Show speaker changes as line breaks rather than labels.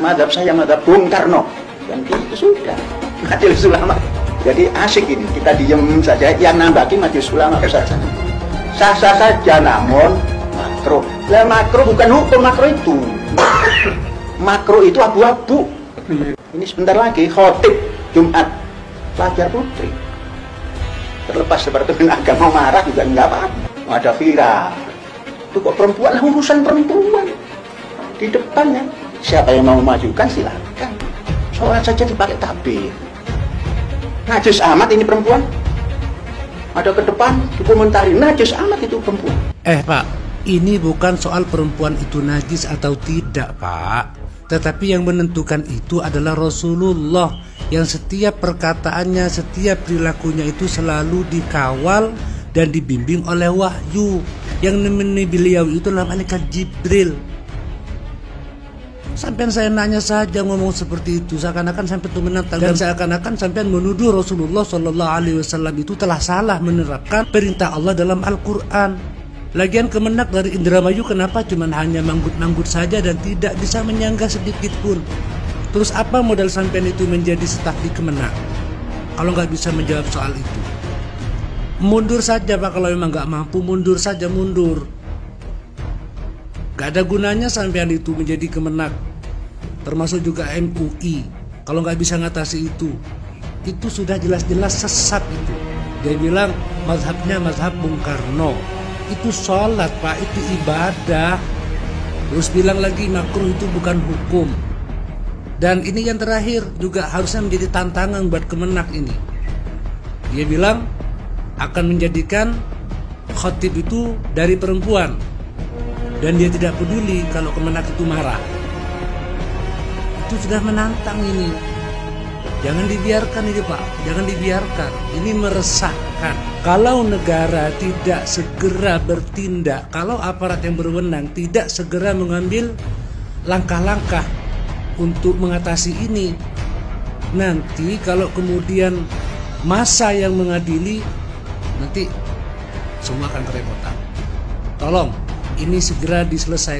madhab saya madhab Bung Karno yang itu sudah majelis ulama jadi asik ini kita diem saja yang nambahin majelis ulama saja sah sah saja namun makro lah makro bukan hukum makro itu makro itu abu-abu ini sebentar lagi khotib Jumat pelajar putri terlepas seperti agama marah juga nggak apa-apa ada viral itu kok perempuan urusan perempuan di depannya Siapa yang mau majukan silahkan. Soalnya saja dipakai tabir. Najis amat ini perempuan. Ada ke depan dikomentari najis amat itu perempuan.
Eh pak, ini bukan soal perempuan itu najis atau tidak pak. Tetapi yang menentukan itu adalah Rasulullah yang setiap perkataannya, setiap perilakunya itu selalu dikawal dan dibimbing oleh wahyu yang menemani beliau itu adalah malaikat Jibril Sampai saya nanya saja ngomong seperti itu, seakan-akan sampai itu menentang dan seakan-akan sampai menuduh Rasulullah Shallallahu Alaihi Wasallam itu telah salah menerapkan perintah Allah dalam Al-Quran. Lagian kemenak dari Indramayu kenapa cuma hanya manggut-manggut saja dan tidak bisa menyangga sedikit pun. Terus apa modal sampean itu menjadi staf di kemenak? Kalau nggak bisa menjawab soal itu. Mundur saja Pak kalau memang nggak mampu, mundur saja mundur. Gak ada gunanya sampean itu menjadi kemenak. Termasuk juga MUI. Kalau nggak bisa ngatasi itu, itu sudah jelas-jelas sesat itu. Dia bilang mazhabnya mazhab Bung Karno. Itu sholat pak, itu ibadah. Terus bilang lagi makruh itu bukan hukum. Dan ini yang terakhir juga harusnya menjadi tantangan buat kemenak ini. Dia bilang akan menjadikan khotib itu dari perempuan dan dia tidak peduli kalau kemenak itu marah. Itu sudah menantang ini. Jangan dibiarkan ini Pak, jangan dibiarkan. Ini meresahkan. Kalau negara tidak segera bertindak, kalau aparat yang berwenang tidak segera mengambil langkah-langkah untuk mengatasi ini, nanti kalau kemudian masa yang mengadili, nanti semua akan kerepotan. Tolong ini segera diselesaikan.